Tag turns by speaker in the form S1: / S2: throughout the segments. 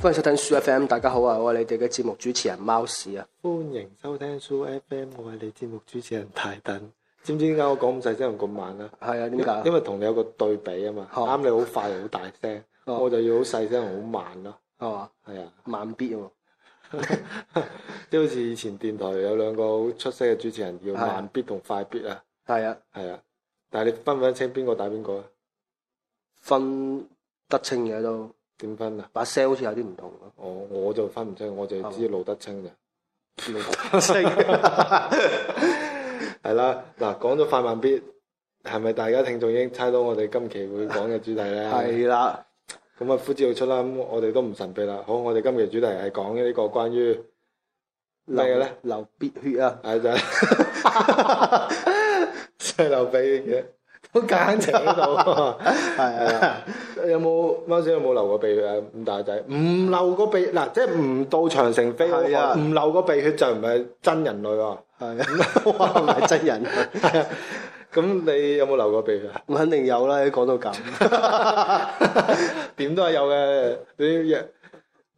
S1: 歡迎收聽 Soo FM，大家好啊！我係你哋嘅節目主持人貓屎啊！
S2: 歡迎收聽 Soo FM，我係你節目主持人
S1: 泰登。知唔知點解我講咁細聲咁慢啊？係啊，點解？因為同你有個對比啊嘛，
S2: 啱你好快又好大聲好，我就要慢好細聲又好慢咯，
S1: 係嘛？係啊，慢必啊！
S2: 即好似以前電台有兩個好出色嘅主持人，叫慢必同快必啊！係啊，係啊。但係你分唔分清邊個打邊個啊？
S1: 分得清嘅都點分啊？把聲好似有啲唔同咯。我、oh, 我就分唔清，我就知道路得清嘅。路得清。
S2: 係 啦， 嗱，講咗快慢必，係咪大家聽眾已經猜到我哋今期會講嘅主題咧？係 啦。咁啊，呼之欲出啦。咁我哋都唔神秘啦。好，我哋今期主題係講呢個關於咩咧流鼻血啊。係就。係流鼻血，都夾喺牆嗰度。係啊，有冇啱先有冇流過鼻血咁大個仔？唔流個鼻，嗱，即係唔到長城飛，唔流個鼻血就唔係真人類喎。係，話唔係真人。咁你有冇流過鼻血？我肯定有啦，你講到咁，點都係有嘅。你日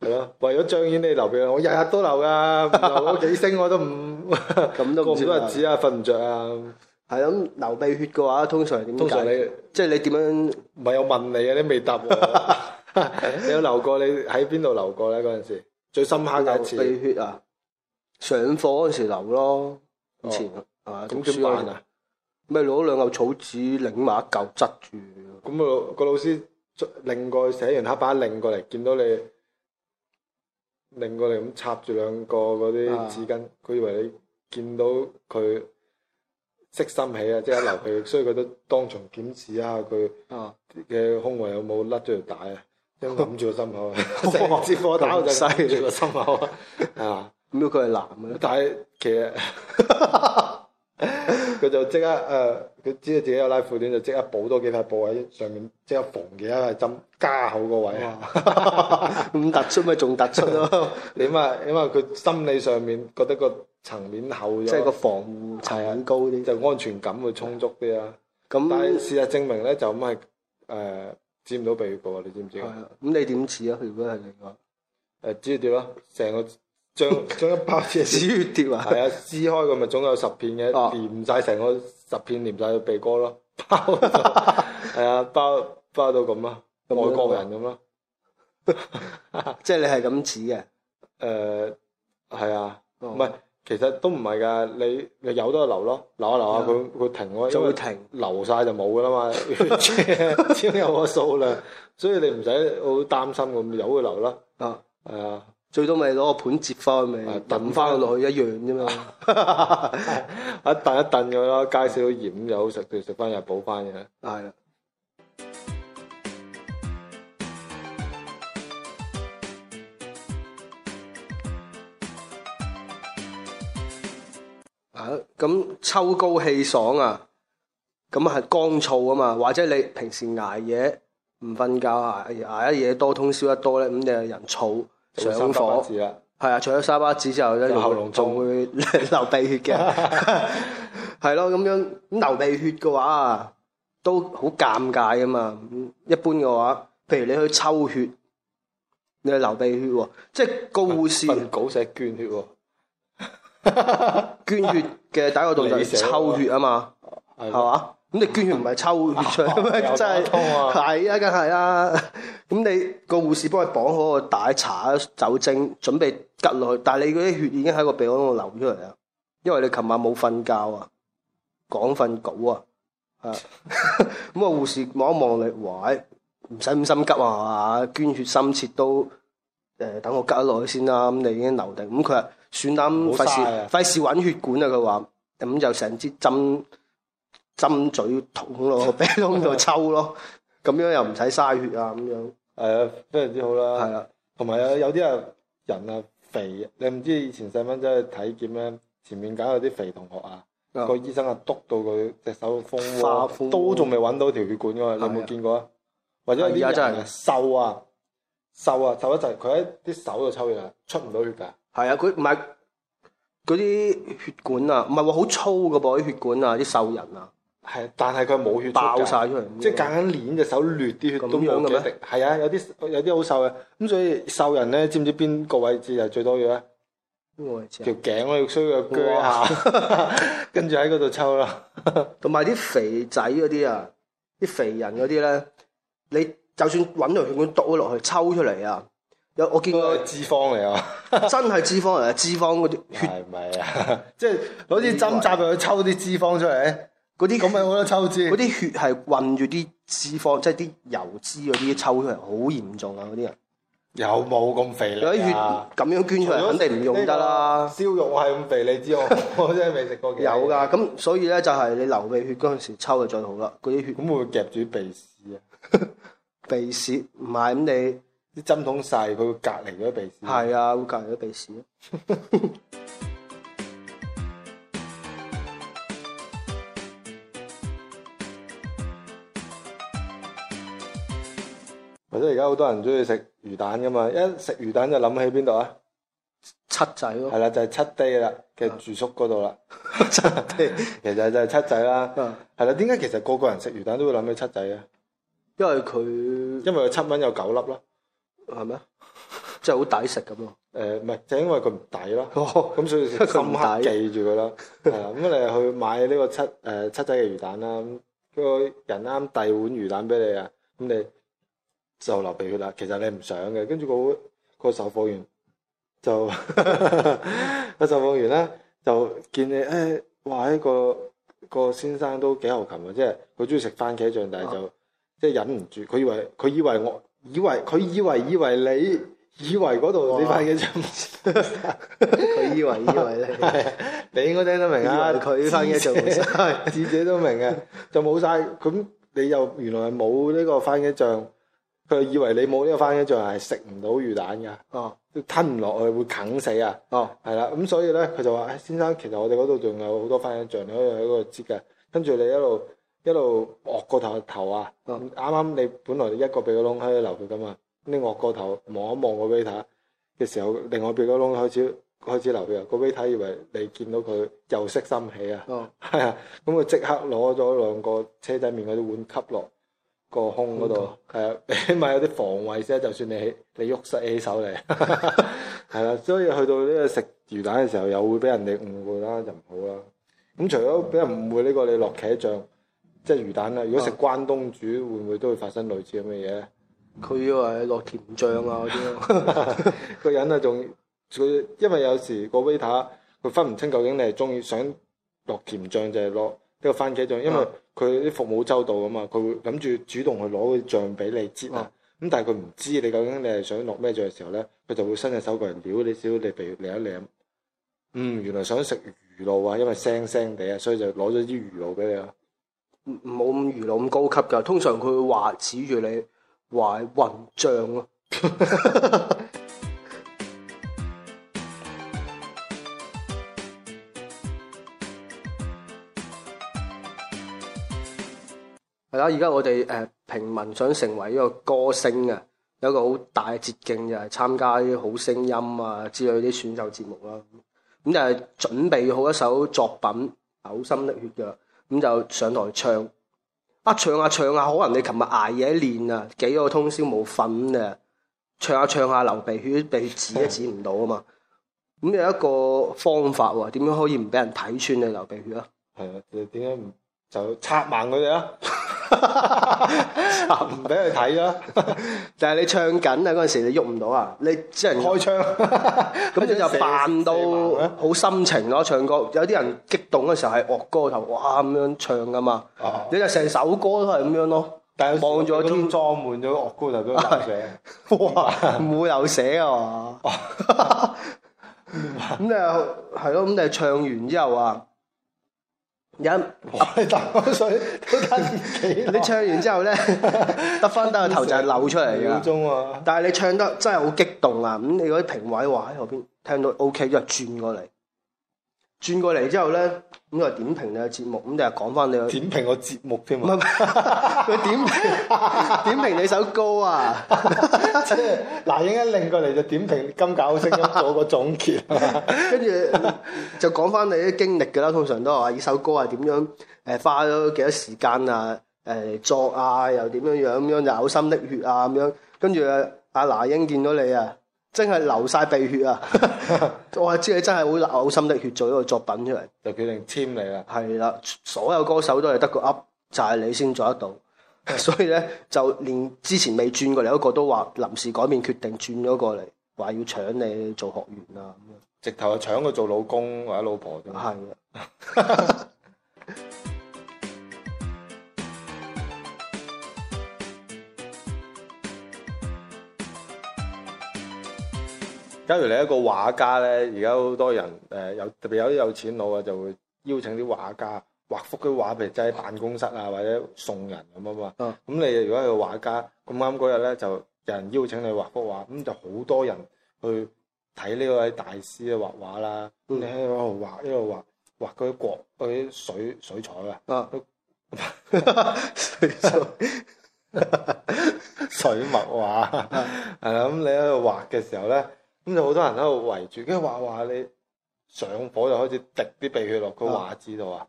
S2: 係咯，為咗張臉你流鼻血，我日日都流噶，流咗幾升我都唔。
S1: 咁都咁多日子啊，瞓唔着啊。係咁流鼻血嘅話，通常點解？通常你即係你點樣？唔係有
S2: 問你啊，你未答 你有流過？你喺邊度流過咧？嗰陣時最深刻嘅一次。流鼻血
S1: 啊！上課嗰時流咯，哦、以前啊，咁點辦啊？咪攞兩嚿草紙擰埋一嚿執住。咁啊，個老
S2: 師擰過寫完黑板，擰過嚟見到你擰過嚟咁插住兩個嗰啲紙巾，佢以為你見到佢。識心起啊！即刻流鼻血，所以佢都當場檢視下佢嘅胸圍有冇甩咗條帶啊，因為冚住個心口，食 支哇 火膽就曬住個心口啊！咁佢係男嘅，但係其實佢 就即刻誒，佢、呃、知道自己有拉褲鏈，就即刻補多幾塊布喺上面，即刻縫住一針加好個位。咁突出咪仲突出咯？你 為 因為佢心理上面覺得個。層面厚又，即係個防護層面高啲、啊，就安全感會充足啲啦、啊。咁、嗯、但係事實證明咧，就咁係誒止唔到鼻哥啊！你知唔知？咁、啊、你點止啊？如果係另外，誒止血貼咯，成個將將一包嘢止血貼啊！係 啊，撕開佢咪總有十片嘅，黏晒成個十片黏晒個鼻哥咯。係 啊，包包到咁啊，外國人咁咯。 即係你係咁止嘅，誒、呃、係啊，唔、哦、係。其實都唔係噶，你有都係流咯，流下流下佢佢停咯，就會停，流晒就冇噶啦嘛，只 有個數量，所以你唔使好擔心，咁有佢流咯，啊係啊，最多咪攞個盤接翻咪，燉翻落去一樣啫嘛，一燉一燉咗咯，介紹鹽好食，食翻又補翻嘅，係啦。
S1: 咁、嗯、秋、嗯、高氣爽啊，咁、嗯、係、嗯、乾燥啊嘛，或者你平時捱夜唔瞓覺，捱捱一夜多通宵得多咧，咁、嗯、你就人燥上火，係、嗯、啊，除、嗯、咗、嗯嗯嗯、沙巴子之後咧，仲會流鼻血嘅，係 咯， 咁樣流鼻血嘅話都好尷尬啊嘛。一般嘅話，譬如你去抽血，你去流鼻血喎、哦，即係個護士。粉骨石捐血喎、哦。 捐血嘅第一個動作係抽血啊嘛，係嘛？咁、嗯、你捐血唔係抽血出，真係痛啊，係啊，梗係啦。咁、啊啊啊、 你、那個護士幫佢綁好個帶，搽咗酒精，準備吉落去。但係你嗰啲血已經喺個鼻腔度流出嚟啦，因為你琴晚冇瞓覺啊，趕瞓稿啊，啊！咁啊，護士望一望你，哇！唔使咁心急啊，係嘛？捐血心切都。.誒，等我隔一耐先啦，咁你已經留定，咁佢話算膽費事費事搵血管啊，佢話咁就成支針針嘴捅咯，鼻窿度抽咯，咁 樣又唔使嘥血，哎呀嗯、啊，咁樣係啊，非常之好啦。係啊，同埋啊，有啲人人啊
S2: 肥，你唔知以前細蚊仔去體檢咧，前面搞有啲肥同學啊、嗯，個醫生啊督到佢隻手風都仲未搵到條血管嘅，你有冇見過啊？
S1: 或者而家真係
S2: 瘦啊？瘦啊，瘦一陣佢喺啲手度抽血啊，出唔到
S1: 血噶。係啊，佢唔係嗰啲血管啊，唔係好粗噶噃啲血管啊，啲瘦人啊。係、啊，但係佢冇血爆晒出嚟，即係夾
S2: 緊鏈隻手裂啲血都冇嘅咩？係啊，有啲有啲好瘦啊。咁所以瘦人咧，知唔知邊個位置係最
S1: 多嘅？邊個位置？條頸啊，要衰嘅鋸下， 跟住喺嗰度抽啦。同埋啲肥仔嗰啲啊，啲肥人嗰啲咧，你。就算揾條血管篤咗落去，抽出嚟啊！有我見過脂肪嚟啊， 真係脂肪嚟，啊。脂肪嗰啲血咪啊，即係攞啲針扎入去抽啲脂肪出嚟，嗰啲咁咪好咯，好多抽脂。嗰啲血係混住啲脂肪，即係啲油脂嗰啲，抽出嚟好嚴重啊！嗰啲人
S2: 有冇咁肥，嗰啲血咁
S1: 樣捐出嚟肯定唔用得啦。
S2: 燒肉我係咁肥，你知我， 我真係未食過嘅。有噶，
S1: 咁所以咧就係、是、你流鼻血嗰陣時抽就最好啦。嗰啲血咁會夾住鼻屎啊？ 鼻屎唔係咁，你啲針筒細，佢會隔離咗啲鼻屎。係啊，會隔離啲鼻屎。
S2: 或者而家好多人中意食魚蛋噶嘛，一食魚蛋就諗起邊度啊？七仔咯、啊。係啦，就係、是、七 day 啦，嘅住宿嗰度啦。其實就係七仔啦。係 啦，點解其實個個人食魚蛋都會諗起七仔啊？因為佢因為佢七蚊有九粒啦，係咪即係好抵食咁咯。誒，唔係，就係、因為佢唔抵啦。咁、哦、所以心下記住佢啦。咁、 嗯嗯、你去買呢個七誒、呃、七仔嘅魚蛋啦。咁、嗯、個人啱遞碗魚蛋俾你啊，咁你就流鼻血啦。其實你唔想嘅。跟住、那個、那個售貨員就個售貨員咧就見你誒、哎，哇！一、那個、那個先生都幾豪擒嘅，即係佢中意食番茄醬、啊，但係就。即係忍唔住，佢以為佢以為我以為佢以為以為你以為嗰度你番茄醬，佢以為以為咧，你應該聽得明啊。佢番茄醬，自己都明嘅，就冇晒。咁你又原來係冇呢個番茄醬，佢以為你冇呢個番茄醬係食唔到魚蛋噶，哦，吞唔落去會啃死啊，哦，係啦。咁所以咧，佢就話：先生，其實我哋嗰度仲有好多番茄醬，你可以喺嗰度知嘅。跟住你一路。一路卧個頭頭啊！啱啱你本來一個鼻哥窿喺度流血㗎嘛，你卧個頭望一望個 Vita 嘅時候，另外一個鼻哥窿開始開始流血啊！個 Vita 以為你見到佢又息心起啊，啊、oh.，咁佢即刻攞咗兩個車仔麵嗰啲碗吸落個胸嗰度，係、okay. 啊，起碼有啲防衞先，就算你你喐晒起手嚟，係 啦，所以去到呢個食魚蛋嘅時候，又會俾人哋誤會啦，就唔好啦。咁除咗俾人誤會呢個，你落茄醬，即係魚蛋啊！如果食關東煮，嗯、會唔會都會發生類似咁嘅嘢咧？佢以為係落甜醬啊嗰啲，個人啊仲佢， 因為有時個 waiter 佢分唔清究竟你係中意想落甜醬就係落呢個番茄醬，因為佢啲服務周到啊嘛，佢會諗住主動去攞啲醬俾你煎啊。咁、嗯、但係佢唔知你究竟你係想落咩醬嘅時候咧，佢就會伸隻手過嚟撩你少少，你鼻舐一舐。嗯，原來想食魚露啊，因為腥腥地啊，所以就攞咗
S1: 啲魚露俾你啦。唔好咁娛樂咁高級噶，通常佢會話指住你話混帳咯。係啦，而 家我哋誒平民想成為一個歌星啊，有一個好大嘅捷徑就係參加啲好聲音啊之類啲選秀節目啦。咁就準備好一首作品，嘔心瀝血噶。咁就上台唱，啊唱下、啊、唱下、啊，可能你琴日捱夜練啊，幾個通宵冇瞓啊，唱下唱下流鼻血，鼻血止都止唔到啊嘛。咁有一個方法喎，點樣可以唔俾人睇穿你流鼻血啊？係啊，你點解唔就插盲佢哋啊？啊！唔俾佢睇啊，但係你唱緊啊嗰陣時你喐唔到啊，你只能開槍，咁你就扮到好心情咯。唱歌有啲人激動嘅時候係惡歌頭，哇咁樣唱噶嘛，你就成首歌都係咁樣咯，啊。 但係放咗天裝滿咗惡歌頭俾佢寫，哇唔會漏寫啊嘛。咁你係咯，咁你唱完之後啊。有，飲，打開水，都緊電器。你唱完之後呢，得翻低個頭就係流出嚟㗎。但係你唱得真係好激動啊！咁你嗰啲評委話喺後邊聽到 O K，即係轉過嚟。轉過嚟之後咧，咁就點評你嘅節目，咁就講翻你嘅點評個節目添啊！唔 係，佢點評點評你首歌啊，即係嗱，英一擰過嚟就點評金狗聲音做個總結，跟住就講翻你啲經歷噶啦，通常都話呢首歌係點樣誒，花咗幾多時間啊，誒作啊，又點樣樣咁樣就嘔心瀝血啊咁樣，跟住阿嗱英見到你啊。真係流晒鼻血啊！我知你真係好嘔心滴血做一個作品出嚟，就決定簽你啦。係啦，所有歌手都係得個 Up，就係你先做得到。所以咧，就連之前未轉過嚟嗰個都話臨時改變決定轉咗過嚟，話要搶你做學員啊咁樣。
S2: 直頭係搶佢做老公或者老婆啫。係。 假如你一個畫家咧，而家好多人誒、呃，有特別有啲有錢佬啊，就會邀請啲畫家畫幅啲畫，譬如喺辦公室啊，或者送人咁啊嘛。咁、嗯、你如果係個畫家，咁啱嗰日咧就有人邀請你畫幅畫，咁就好多人去睇呢位大師嘅畫畫啦。咁你喺度畫，一度畫畫嗰啲國啲水水彩、嗯、水彩，水彩啊， 水彩 水墨畫畫。係 啊， 咁你喺度畫嘅時候咧。咁就好多人喺度圍住，跟住話話你上火就開始滴啲鼻血落個畫紙度啊，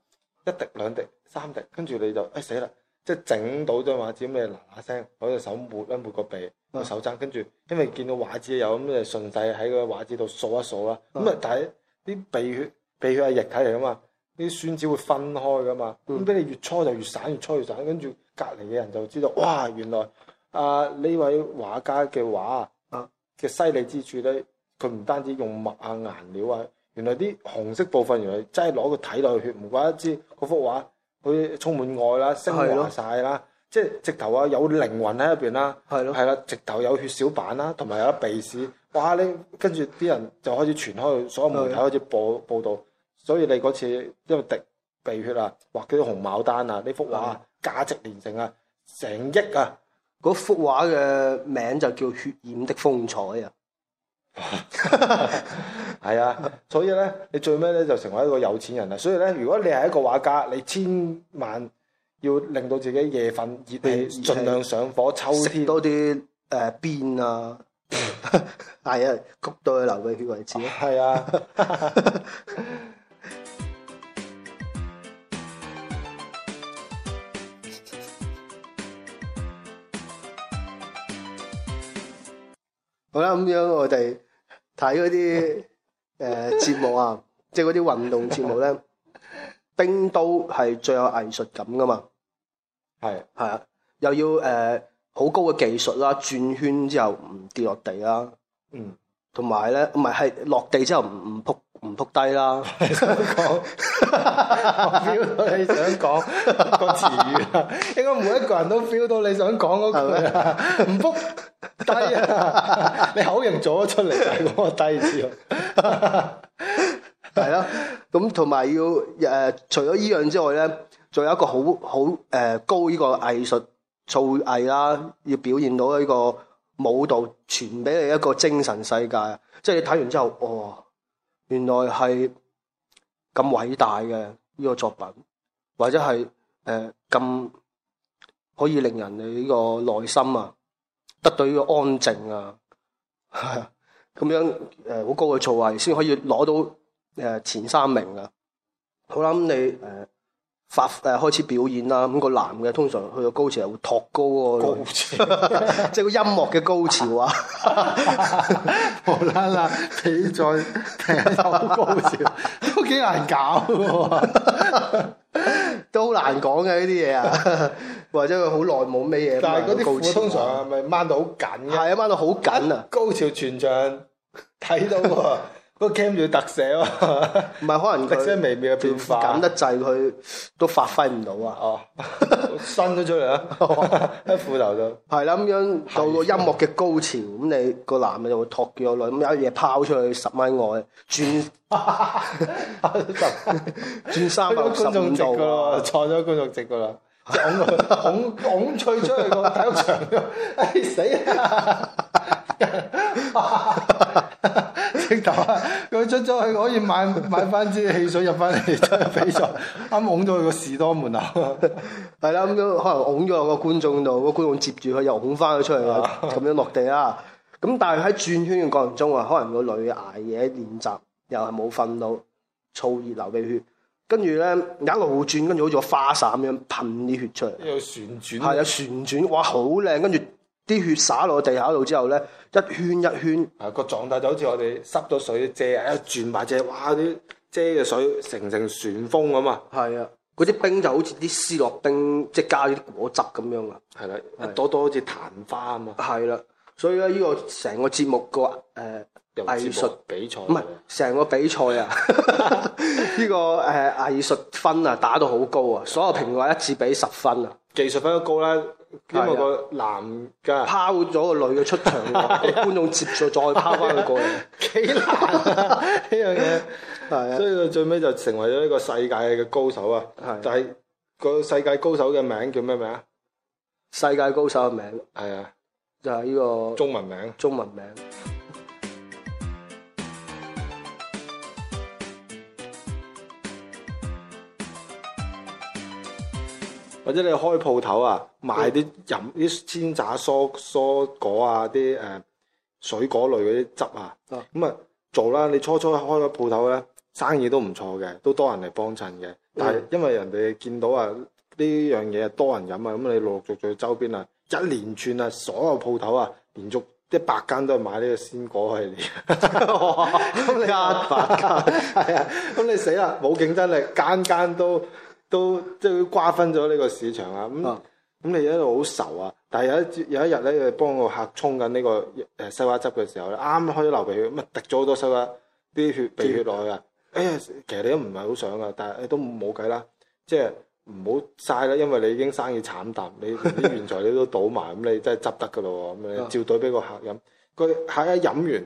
S2: 一滴兩滴三滴，跟住你就哎死啦！即係整到張畫紙咩嗱嗱聲，攞隻手抹一抹個鼻，個手踭，跟住因為見到畫紙有咁，就順勢喺個畫紙度掃一掃啦。咁啊，但係啲鼻血鼻血係液體嚟噶嘛，啲宣紙會分開噶嘛，咁俾你越搓就越散，越搓越散，跟住隔離嘅人就知道哇，原來啊，呢位畫家嘅畫嘅犀利之處咧，佢唔單止用墨啊、顏料啊，原來啲紅色部分原來真係攞個體內嘅血，唔怪之嗰幅畫佢充滿愛啦、昇華晒啦，即係直頭啊有靈魂喺入面啦，係咯，係啦，直頭有血小板啦，同埋有，有鼻屎，哇！你跟住啲人就開始傳開，所有媒體開始報報導，所以你嗰次因為滴鼻血啊，
S1: 畫幾啲紅牡丹啊，呢幅畫價值連城啊，成億啊！嗰幅畫嘅名就叫血染的風采
S2: 啊，係 啊，所以咧，你最尾咧就成為一個有錢人啦。所以咧，如果你係一個畫家，你千萬要令到自己夜瞓熱氣盡量上火，秋天食多
S1: 啲誒邊啊，係 啊，焗到佢流鼻血為止咯。係啊。 好啦，咁樣我哋睇嗰啲誒節目啊， 即係嗰啲運動節目咧，冰刀係最有藝術感噶嘛，係係啊，又要誒好、呃、高嘅技術啦，轉圈之後唔跌落地啦，嗯呢，同埋咧唔係係落地之後唔唔仆唔仆低啦， 你想講說，我 feel 到你想講個詞語啊，應該每一個人都 feel 到你想講嗰句，唔仆。 低啊！你口型做咗出嚟， 我低笑，係咯。咁同埋要誒，除咗呢樣之外咧，仲有一個好好誒高呢個藝術造藝啦，要表現到呢個舞蹈傳俾你一個精神世界。即係你睇完之後，哦，原來係咁偉大嘅呢個作品，或者係誒咁可以令人嘅呢個內心啊！一對個安靜啊，咁樣誒好高嘅造詣先可以攞到誒前三名啊！好啦，咁你誒發誒開始表演啦，啊。咁，個男嘅通常去到高潮係會托高個，高潮 即係個音樂嘅高潮啊！好啦，比賽第一首高潮 都幾難搞，都好難講嘅呢啲嘢啊！ 或者佢好耐冇咩嘢，但係嗰啲鼓通常係咪掹到好緊？係啊，掹到好緊啊！高潮全場睇到喎， 個 camera 特寫喎、啊，唔 係可能特寫微妙嘅變化緊得滯，佢都發揮唔到啊！哦，伸咗出嚟啊！一 褲 頭就係啦，咁樣到個音樂嘅高潮，咁你個男嘅就會托住個女，咁有嘢拋出去十米外，轉 轉三百六十五度，
S2: 坐咗觀眾席噶啦！拱脆出去個體育場
S1: 度，哎死、啊啊、 直頭佢出咗去可以買買翻支汽水入翻嚟再比賽。啱拱咗佢個士多門口，係 啦，咁可能拱咗個觀眾度，個觀眾接住佢又拱翻佢出嚟啦，咁樣落地啊！咁但係喺轉圈嘅過程中啊，可能個女挨夜練習，又係冇瞓到，燥熱流鼻血。跟住咧，一路轉，跟住好似個花灑咁樣噴啲血出嚟。
S2: 有旋轉，係有
S1: 旋轉，哇，好靚！跟住啲血灑落地下度之後咧，一圈一圈，個狀態就好似我哋濕咗水遮啊，轉埋遮，哇！啲遮嘅水成成旋風咁啊。係啊，嗰啲冰就好似啲思樂冰，即係加啲果汁咁樣啊。係啦，一朵朵好似曇花啊嘛。係啦，所以咧，呢個成個節目個誒。藝術比賽唔係成個比賽啊！呢、 呢個誒藝術分啊打到好高啊！所有評嘅話一致俾十分啊！
S2: 技術分都高啦，因為個男嘅拋咗個女嘅出場，
S1: 觀眾接住再
S2: 拋翻佢過嚟，
S1: 幾難呢樣嘢。係 啊，
S2: 所以佢最尾就成為咗一個世界嘅高手啊！係，但係、就係、個世界高手嘅名叫咩名啊？世界高手嘅名係啊，
S1: 就係、係、呢、呢個中文名。中文名。
S2: 或者你開鋪頭啊，賣啲飲啲鮮榨蔬蔬果啊，啲水果類嗰啲汁啊，咁、嗯、啊做啦。你初初開個鋪頭咧，生意都唔錯嘅，都多人嚟幫襯嘅。但係因為人哋見到啊呢樣嘢多人飲啊，咁你陸陸續續周邊啊一連串啊所有鋪頭啊連續一百間都係買呢個鮮果嚟。咁、哦哦哦嗯、 你啊，係啊，咁你死啦，冇競爭力，間間都。都即係瓜分咗呢個市場啊！咁咁你一路好愁啊！但係有一有一日咧，你幫個客沖緊呢個誒西瓜汁嘅時候，啱啱開咗流鼻血，咁啊滴咗好多西瓜啲血鼻血落去啊、哎！其實你都唔係好想噶，但係都冇計啦，即係唔好嘥啦，因為你已經生意慘淡，你啲原材料都倒埋，咁 你真係執得噶咯喎！咁你照兌俾個客飲，佢客一飲完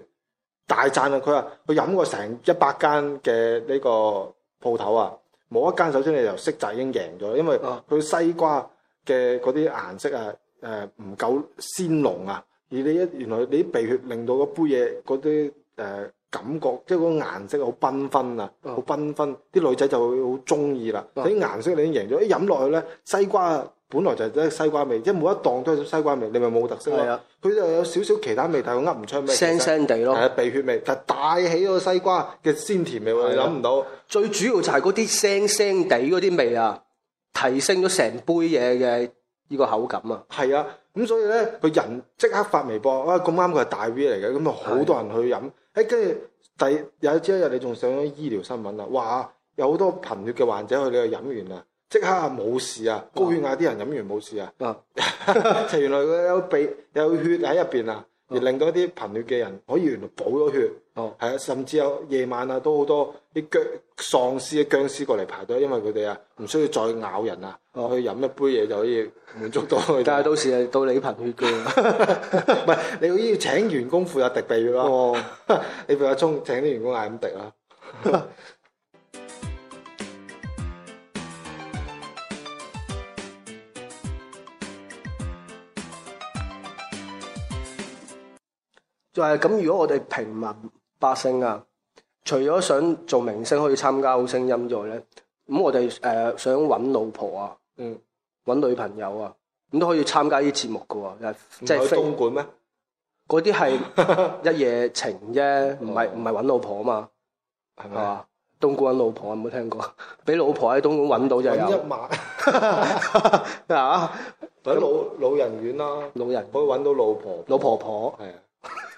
S2: 大讚啊！佢話佢飲過成一百間嘅呢個鋪頭啊！冇一間，首先你由色澤已經贏咗，因為佢西瓜嘅嗰啲顏色啊，誒唔夠鮮濃啊，而你一原來你啲鼻血令到個杯嘢嗰啲誒感覺，即係嗰個顏色好繽紛啊，好繽紛，啲女仔就會好中意啦。啲顏色你已經贏咗，一飲落去咧，西瓜。本來就係都係西瓜味，即係每一檔都係西瓜味，你咪冇特色咯。佢、啊、就有少少其他味，但係佢噏唔出味，腥腥地咯，係鼻血味，但係帶起嗰個西
S1: 瓜嘅鮮甜味喎，諗唔、啊、到。最主要就係嗰啲腥腥地嗰啲味啊，提升咗成杯嘢嘅呢個口感啊。係啊，咁所以咧，佢人
S2: 即刻發微博，哇！咁啱佢係大 V 嚟嘅，咁咪好多人去飲。誒，跟住第有一朝日，你仲上咗醫療新聞啦，話有好多貧血嘅患者去你度飲完啊。即刻冇事啊！高血壓啲人飲完冇事啊！原來佢有鼻有血喺入邊啊，而令到一啲貧血嘅人可以原來補咗血。哦、啊，係啊，甚至有夜晚啊都好多啲僵喪屍嘅僵屍過嚟排隊，因為佢哋啊唔需要再咬人啊，去飲一杯嘢就可以滿足到佢。但係到時係到你啲貧血嘅，唔、啊、係 你要請員工負責滴鼻血咯、啊。你譬如話衝請啲員工嗌咁滴啦。啊
S1: 就係咁，如果我哋平民百姓啊，除咗想做明星可以參加《好聲音》之外咧，咁我哋誒想揾老婆啊，揾、嗯、揾女朋友啊，咁都可以參加啲節目㗎喎，即係喺東莞咩？嗰啲係一夜情啫，唔係唔係揾老婆啊嘛，係咪？東莞揾老婆有冇聽過？俾老婆喺東莞揾到就有，一萬啊！ 老老人院啦，老人可以揾到老婆，婆，老婆婆係啊。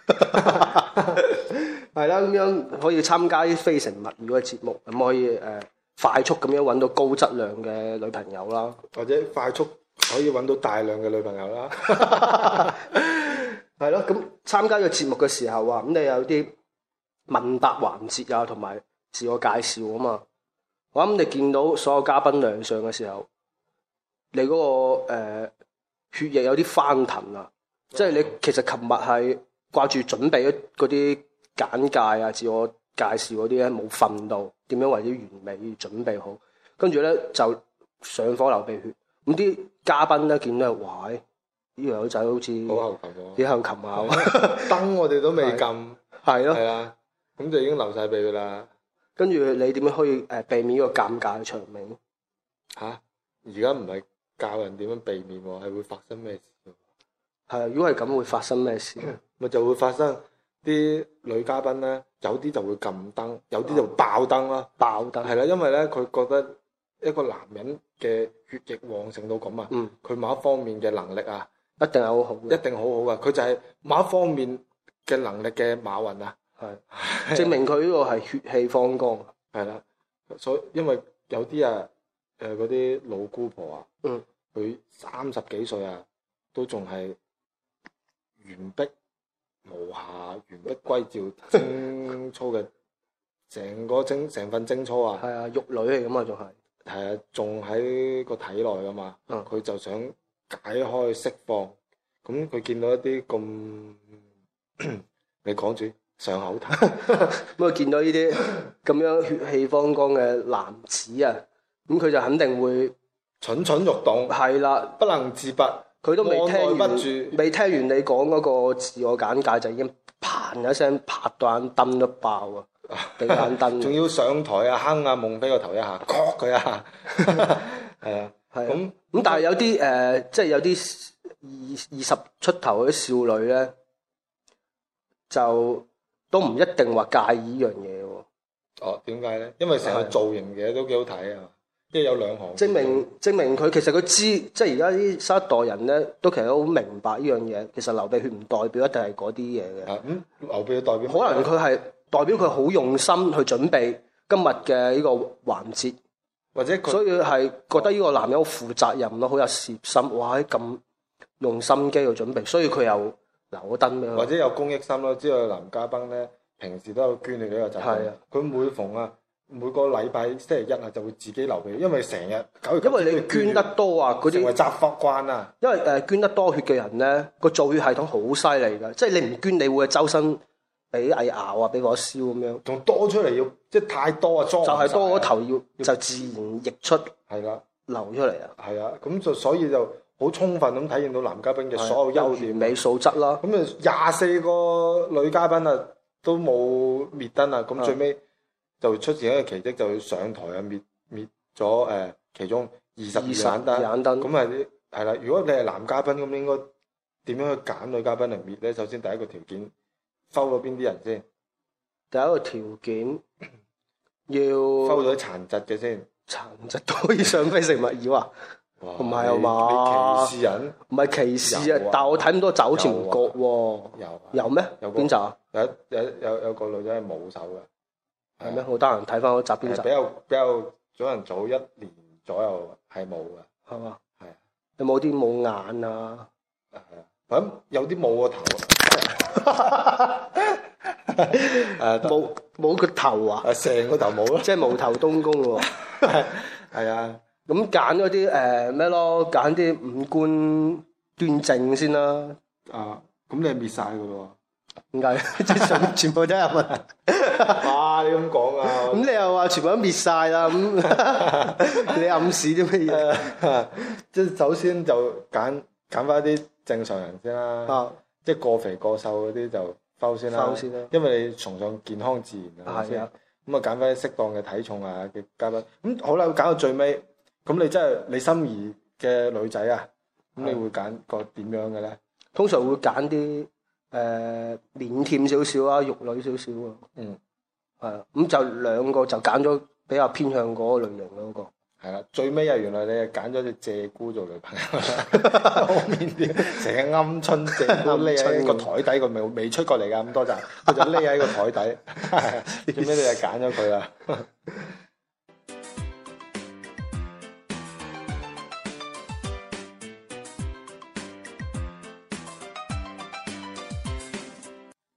S1: 係 啦， 咁樣可以參加啲非誠勿擾嘅節目，咁可以誒快速咁樣搵到高質量嘅女朋友啦，或者快速可以搵到大量嘅女朋友啦。係 咯， 咁參加個節目嘅時候啊，咁你有啲問答環節啊，同埋自我介紹啊嘛。我諗你見到所有嘉賓亮相嘅時候，你嗰、那個誒、呃、血液有啲翻騰啊， 即係你其實琴日係。掛住準備嗰啲簡介啊、自我介紹嗰啲咧，冇瞓到，點樣為之完美準備好？跟住咧就上火流鼻血。咁啲嘉賓咧見到壞，哇、這個！呢條友仔好似好猴擒喎，好猴擒啊，燈我哋都未撳，係咯，係啊，咁就已經流晒鼻血啦。跟住你點樣可以誒避免呢個尷尬嘅場面？嚇、
S2: 啊！而家唔係教人點樣避免喎，係會發生咩事？係啊，如果係咁，會發生咩事？ 就會發生啲女嘉賓呢，有啲就會撳燈，有啲就爆燈啦、啊。爆燈係啦，因為呢，佢覺得一個男人嘅血液旺盛到咁啊，佢、嗯、某一方面嘅能力啊，一定係好好，一定好好噶。佢就係某一方面嘅能力嘅馬雲啊，係證明佢呢個係血氣方剛。係啦，所以因為有啲啊，誒嗰啲老姑婆啊，佢、嗯、三十幾歲啊，都仲係完璧。無下完璧歸趙貞操嘅，成個貞成 份貞操啊！係啊，玉女嚟咁啊，仲係係啊，仲喺個體內噶嘛。佢、嗯、就想解開釋放，咁佢見到一啲咁
S1: 你講
S2: 住上口，睇，咁
S1: 啊見到呢啲咁樣血氣方剛嘅男子啊，咁 佢就肯定會蠢蠢欲動。係啦、啊，不能自拔。佢都未聽完，未聽完你講嗰個自我簡介就已經嘭一聲拍到眼燈都爆了燈了啊！俾眼燈，仲要上台啊，哼啊，夢俾個頭一下，擱佢一下，係 啊，咁咁、啊、但係有啲誒、嗯呃，即係有啲二二十出頭嗰啲少女咧，就都唔一定話介意呢樣嘢喎。哦，點解咧？因為成個造型
S2: 嘅都幾好睇啊！即係有兩行，證明
S1: 證明佢其實佢知，即係而家啲新一代人咧，都其實好明白依樣嘢。其實流鼻血唔代表一定係嗰啲嘢嘅。啊，咁流鼻血代表可能佢係代表佢好用心去準備今日嘅呢個環節，或者所以係覺得呢個男人好負責任咯，好有事業心。哇，咁用心機去準備，所以佢又留了燈啦。或者有公
S2: 益心咯，知道男嘉賓咧，平時都有捐起幾個贈品。佢每逢啊～每個禮拜星期一啊，就會自己流鼻血，因為成日，因為
S1: 你捐得多啊，嗰啲成為習慣、啊、因為誒捐得多血嘅人咧，個造血系統好犀利噶，即係你唔捐，你會周身俾蟻咬啊，俾我燒咁樣。同多出嚟要，即係太多啊，裝就係、是、多咗頭要，就自然溢出，係啦，
S2: 流出嚟啊。係啊，咁就所以就好充分咁體現到男嘉賓嘅所有
S1: 優點、美素
S2: 質啦。咁啊，廿四個女嘉賓啊，都冇滅燈啊，咁最尾，就會出現一個奇蹟，就會上台啊，滅滅咗誒其中二十二盞燈。咁啊，係啦、就是。如果你係男嘉賓，咁應該點樣去揀女嘉賓嚟滅咧？首先第一個條件，收咗邊啲人先？第一個條件
S1: 要收咗殘疾嘅先。殘疾都可以上非誠勿擾啊？唔係啊嘛？歧視人？唔係歧視啊！啊但我睇咁多手，我唔覺
S2: 喎。有有咩？有邊集啊？有啊有、啊、有有個女仔係冇手嘅。
S1: 係咩？好多人睇翻嗰集，邊集？比較
S2: 比較早人早一年左右係
S1: 冇嘅，係嘛？係、啊、有冇啲冇眼啊？係啊，咁有啲冇個頭，誒冇冇個頭啊？成、 啊啊啊、個頭冇咯，即係無頭東宮喎。係啊，咁揀嗰啲誒咩咯？揀 啲、啊呃、五官端正先啦、啊。啊，咁你係滅晒佢咯？點解？即係全全部都係人。哇！
S2: 你咁講啊？咁你又話全部都滅晒啦？咁你暗示啲乜嘢？即、啊、係、啊、 首先就揀揀翻啲正常人先啦、啊啊。即係過肥過瘦嗰啲就拋先啦、啊。拋先啦。因為你崇尚健康自然啊嘛先。咁啊，揀翻啲適當嘅體重啊嘅嘉賓。咁好啦，揀到最尾，咁你真係
S1: 你心儀嘅女仔啊？咁你會揀個點樣嘅咧、嗯？通常會揀啲。誒、呃，腼腆少少啊，肉女少少啊。嗯，係啊，咁就兩個就揀咗比較偏向嗰個類型嗰，那個。係啊，最尾啊，原來你係揀咗隻鷓鴣做女朋友啦。我 腆， 成日鵪鶉鷓鴣，匿喺個台
S2: 底，佢未未出過嚟㗎。咁多咋，佢就匿喺個台底。 最尾你就揀咗佢啦。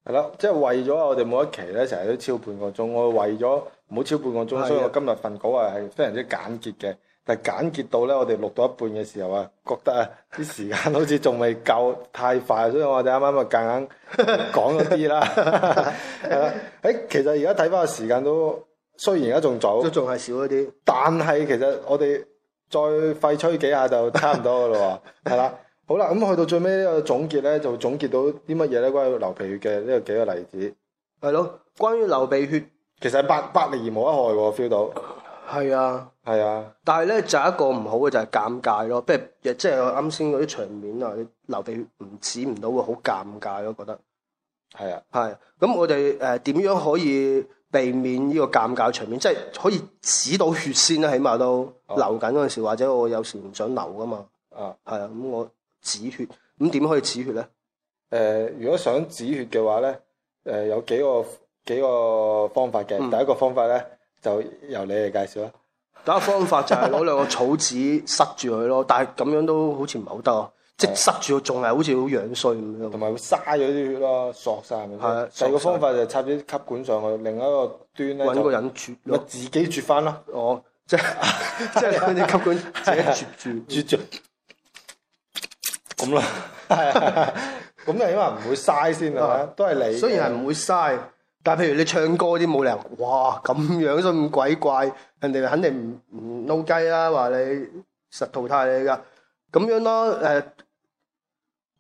S2: 係啦，即係為咗我哋每一期咧，成日都超半個鐘。我為咗唔好超半個鐘，所以我今日份稿係非常之簡潔嘅。但係簡潔到咧，我哋錄到一半嘅時候啊，覺得啊啲時間好似仲未夠 太快，所以我哋啱啱咪夾硬講咗啲啦。係啦，誒，其實而家睇翻個時間都，雖然而家仲早，都仲係少一啲。但係其實我哋再廢吹幾下就差唔多噶咯，係 啦。好啦，咁去到最尾呢個總結咧，就總結到啲乜嘢咧？關於流鼻血嘅呢個幾個例子，係咯，關於流鼻血，其
S1: 實百百利而無一害喎，我 feel 到。係啊，係啊，但係咧就係、一個唔好嘅就係、係、尷尬咯，即係即係啱先嗰啲場面啊，流鼻血唔止唔到會好尷尬咯，我覺得。係啊，係。咁我哋誒點樣可以避免呢個尷尬場面？即、就、係、係、可以止到血先啦，起碼都、哦、流緊嗰陣時，或者我有時唔想流噶嘛。啊，係啊，咁我。止血，咁點可以止血咧？誒、呃，如果想止血嘅話咧，誒、呃，有幾個幾個方法嘅。嗯、第一個方法咧，就由你嚟介紹啦。第一個方法就係攞兩個草紙塞住佢咯， 但係咁樣都好似唔係好得，啊。即係塞住佢仲係好似好樣衰咁樣，同埋會嘥咗啲血咯，索晒。係。第二個方法就係插啲吸管上去，另一個
S2: 端咧揾個人啜，我自己啜翻咯。哦，即係、啊啊、即係啲 吸管 自己啜住啜住。咁啦，
S1: 係，咁啊，起碼唔會嘥先啊，都係你。雖然係唔會嘥，但係譬如你唱歌啲冇力，哇，咁樣都咁鬼怪，人哋肯定唔唔撈雞啦，話你實淘汰你噶。咁樣咯，誒，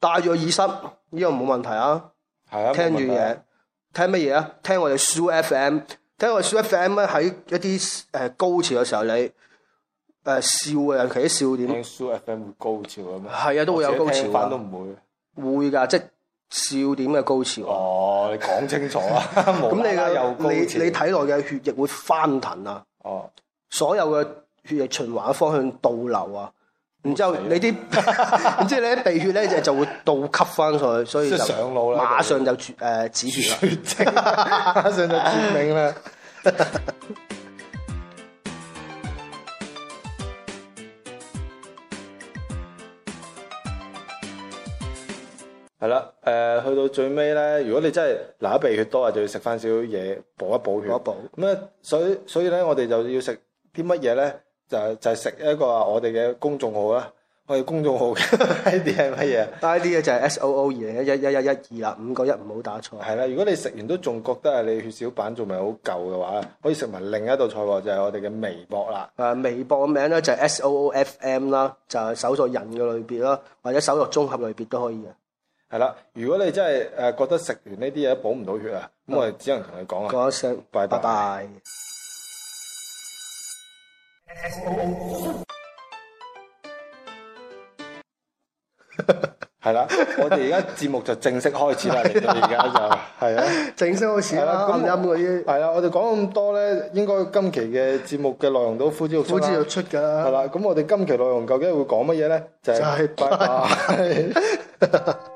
S1: 戴住耳塞呢個冇問題啊，係啊，聽住嘢，聽乜嘢啊？聽我哋 Soo FM，聽我哋 Soo FM 咧喺一啲誒高潮嘅時候你。誒笑啊，尤其啲笑點，蘇 FM 會高潮嘅咩？係啊，都會有高潮反都唔會，會噶，即係笑點嘅高潮。哦，你講清楚啊！咁 你嘅你你體內嘅血液會翻騰啊！哦，所有嘅血液循環嘅方向倒流啊！然之後你啲，即 係 你啲鼻血咧，就就會倒吸翻上去，所以就馬上就誒、 呃、止血啦！馬上就致命啦！
S2: 係啦，誒，去到最尾咧，如果你真係嗱一鼻血多啊，就要食翻少少嘢補一補血。補咁啊，所以所以咧，我哋就要食啲乜嘢咧？就就係食一個我哋嘅公眾號啦。我哋公眾號 ID 係乜嘢？ID 咧就係 S O O 二零一一一一一二啦，五個一唔好打錯。係啦，如果你食完都仲覺得係你血小板仲未好夠嘅話，
S1: 可以食埋另一道菜喎，就係我哋嘅微博啦。誒，微博嘅名咧就係 S O O F M 啦，就係搜索人嘅類別啦，或者搜索綜合類別都可以嘅。係啦，如
S2: 果你真係誒覺得食完呢啲嘢補唔到血啊，咁、嗯、我哋只能同你講啊。
S1: 講一聲拜拜。
S2: 係啦， 我哋而家節目就正式開始啦，而 家就係啊，
S1: 正式開始啦。咁有冇嘢？係啦、嗯嗯嗯嗯，我哋講咁
S2: 多咧，應該今期嘅節目嘅內容都呼之欲出，呼之欲出㗎。係啦，咁我哋今期內容究竟會講乜嘢咧？就係、是就是、拜拜。